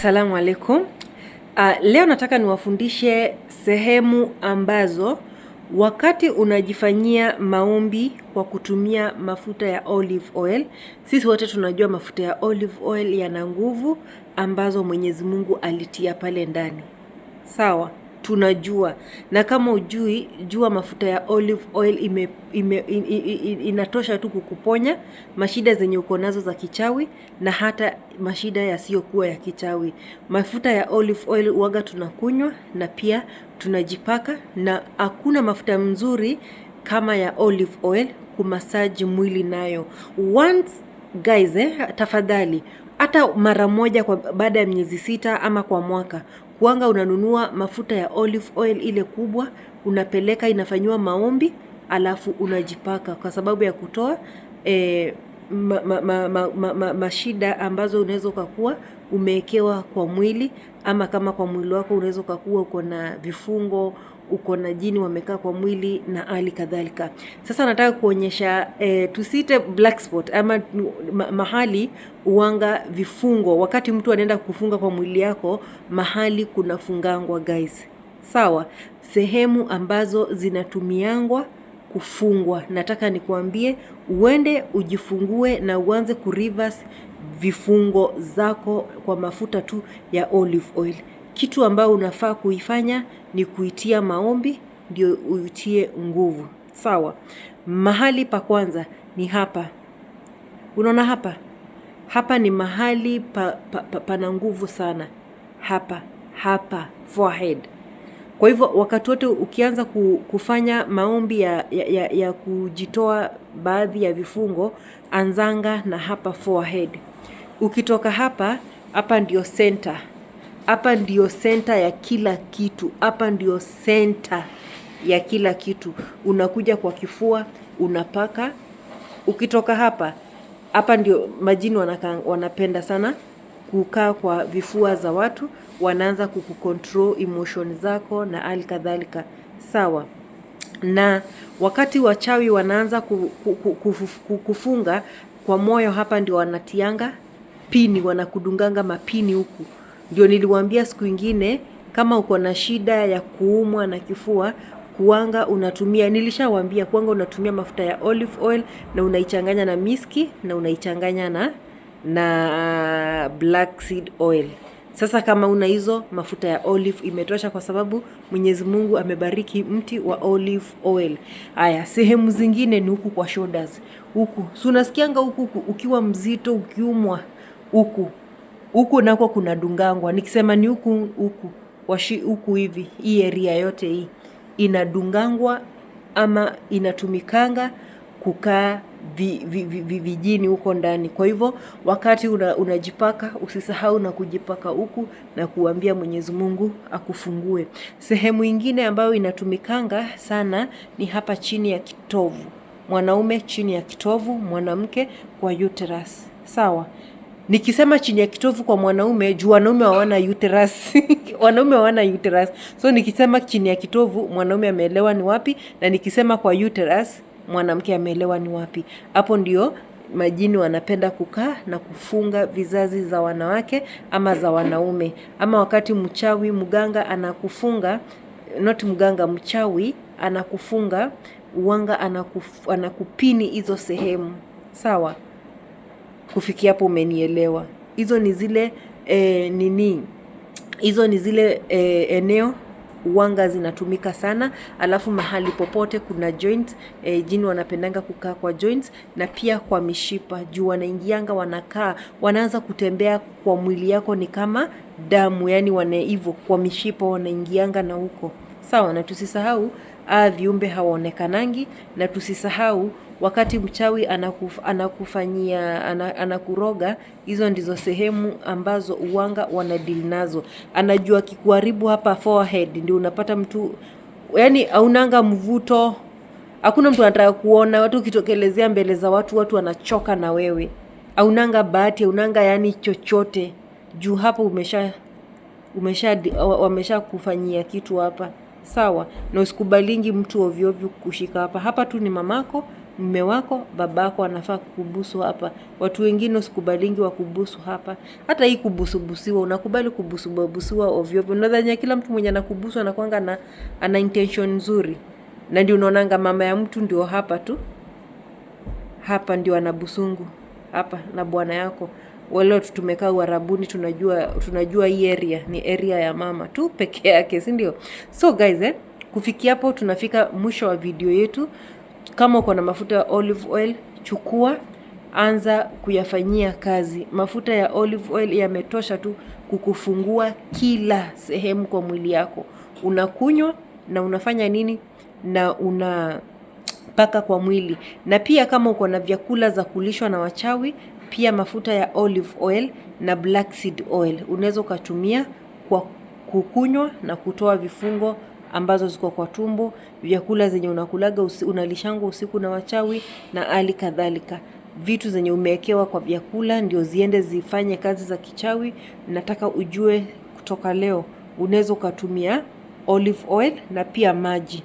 Salamu alaikum. Uh, leo nataka niwafundishe sehemu ambazo wakati unajifanyia maombi kwa kutumia mafuta ya olive oil. Sisi wote tunajua mafuta ya olive oil yana nguvu ambazo Mwenyezi Mungu alitia pale ndani. Sawa? tunajua na kama ujui jua mafuta ya olive oil ime, ime, in, in, inatosha tu kukuponya mashida zenye uko nazo za kichawi na hata mashida yasiyokuwa ya kichawi. Mafuta ya olive oil waga tunakunywa na pia tunajipaka, na hakuna mafuta mzuri kama ya olive oil kumasaji mwili nayo. Once guys, eh, tafadhali hata mara moja kwa baada ya miezi sita ama kwa mwaka kuanga unanunua mafuta ya olive oil ile kubwa unapeleka inafanyiwa maombi alafu unajipaka kwa sababu ya kutoa eh, mashida ma, ma, ma, ma, ambazo unaweza ukakuwa umewekewa kwa mwili, ama kama kwa mwili wako unaweza ukakuwa uko na vifungo, uko na jini wamekaa kwa mwili na hali kadhalika. Sasa nataka kuonyesha eh, tusite black spot ama ma, mahali uanga vifungo, wakati mtu anaenda kufunga kwa mwili yako, mahali kuna fungangwa guys, sawa, sehemu ambazo zinatumiangwa kufungwa. Nataka nikuambie uende ujifungue na uanze kurivers vifungo zako kwa mafuta tu ya olive oil. Kitu ambayo unafaa kuifanya ni kuitia maombi ndio uitie nguvu. Sawa, mahali pa kwanza ni hapa. Unaona hapa, hapa ni mahali pa, pa, pa, pana nguvu sana hapa hapa forehead. Kwa hivyo wakati wote ukianza kufanya maombi ya, ya, ya, ya kujitoa baadhi ya vifungo, anzanga na hapa forehead. Ukitoka hapa, hapa ndio center, hapa ndio center ya kila kitu, hapa ndio center ya kila kitu. Unakuja kwa kifua, unapaka. Ukitoka hapa, hapa ndio majini wanaka, wanapenda sana kukaa kwa vifua za watu, wanaanza kukukontrol emotion zako na hali kadhalika, sawa na wakati wachawi wanaanza kufunga kwa moyo, hapa ndio wanatianga pini, wanakudunganga mapini huku. Ndio niliwaambia siku ingine, kama uko na shida ya kuumwa na kifua kuanga unatumia, nilishawaambia kuanga unatumia mafuta ya olive oil na unaichanganya na miski na unaichanganya na na uh, black seed oil. Sasa kama una hizo mafuta ya olive imetosha, kwa sababu Mwenyezi Mungu amebariki mti wa olive oil. Haya, sehemu zingine ni huku kwa shoulders huku, si unasikianga huku ukiwa mzito, ukiumwa huku huku nako kuna dungangwa. Nikisema ni huku huku washi huku hivi, hii area yote hii inadungangwa ama inatumikanga kukaa vi, vi, vi, vijini huko ndani. Kwa hivyo wakati una, unajipaka usisahau na kujipaka huku na kuambia Mwenyezi Mungu akufungue. Sehemu ingine ambayo inatumikanga sana ni hapa chini ya kitovu, mwanaume chini ya kitovu, mwanamke kwa uterus. Sawa. Nikisema chini ya kitovu kwa mwanaume juu wanaume hawana uterus. wanaume hawana uterus. So nikisema chini ya kitovu mwanaume ameelewa ni wapi, na nikisema kwa uterus mwanamke ameelewa ni wapi. Hapo ndio majini wanapenda kukaa na kufunga vizazi za wanawake ama za wanaume. Ama wakati mchawi mganga anakufunga not mganga, mchawi anakufunga uwanga anakuf, anakupini hizo sehemu sawa. Kufikia hapo umenielewa. Hizo ni zile e, nini hizo ni zile e, eneo uwanga zinatumika sana, alafu mahali popote kuna joint e, eh, jini wanapendanga kukaa kwa joint na pia kwa mishipa, juu wanaingianga wanakaa, wanaanza kutembea kwa mwili yako ni kama damu, yani wana hivyo kwa mishipa wanaingianga na huko sawa, na tusisahau aa ah, viumbe hawaonekanangi, na tusisahau wakati mchawi anakuf, anakufanyia anakuroga, hizo ndizo sehemu ambazo uwanga wanadili nazo. Anajua kikuharibu hapa forehead, ndio unapata mtu yani haunanga mvuto, hakuna mtu anataka kuona watu. Ukitokelezea mbele za watu, watu wanachoka na wewe, haunanga bahati, haunanga yani chochote juu hapo umesha umesha wamesha kufanyia kitu hapa sawa, na usikubalingi mtu ovyo ovyo kushika hapa hapa. Tu ni mamako, mume wako, babako anafaa kukubusu hapa. Watu wengine usikubalingi wakubusu hapa. Hata hii kubusubusiwa, unakubali kubusubusiwa ovyo ovyo? Unadhania kila mtu mwenye anakubusu anakuanga na ana intention nzuri? Na ndio unaonanga mama ya mtu ndio hapa tu hapa ndio ana busungu hapa na bwana yako wale watu tumekaa Uarabuni tunajua tunajua hii area ni area ya mama tu peke yake, si ndio? So guys eh, kufikia hapo tunafika mwisho wa video yetu. Kama uko na mafuta ya olive oil chukua, anza kuyafanyia kazi. Mafuta ya olive oil yametosha tu kukufungua kila sehemu kwa mwili yako. Unakunywa na unafanya nini na unapaka kwa mwili. Na pia kama uko na vyakula za kulishwa na wachawi pia mafuta ya olive oil na seed oil unaweza ukatumia kwa kukunywa na kutoa vifungo ambazo ziko kwa tumbo, vyakula zenye unakulaga unalishangwa usiku na wachawi na hali kadhalika. Vitu zenye umewekewa kwa vyakula ndio ziende zifanye kazi za kichawi. Nataka ujue kutoka leo, unaweza ukatumia olive oil na pia maji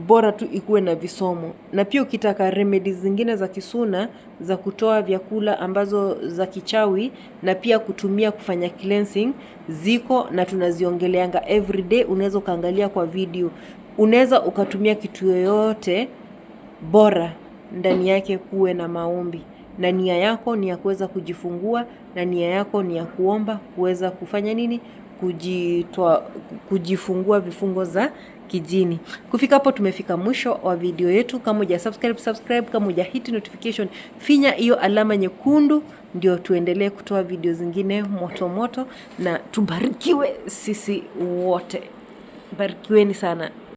bora tu ikuwe na visomo. Na pia ukitaka remedies zingine za kisuna za kutoa vyakula ambazo za kichawi na pia kutumia kufanya cleansing ziko na tunaziongeleanga everyday, unaweza ukaangalia kwa video. Unaweza ukatumia kitu yoyote, bora ndani yake kuwe na maombi na nia yako ni ya kuweza kujifungua, na nia yako ni ya kuomba kuweza kufanya nini, kujitoa, kujifungua vifungo za kijini. Kufika hapo, tumefika mwisho wa video yetu. Kama uja subscribe, subscribe. Kama uja hit notification, finya hiyo alama nyekundu, ndio tuendelee kutoa video zingine moto moto, na tubarikiwe sisi wote. Barikiweni sana.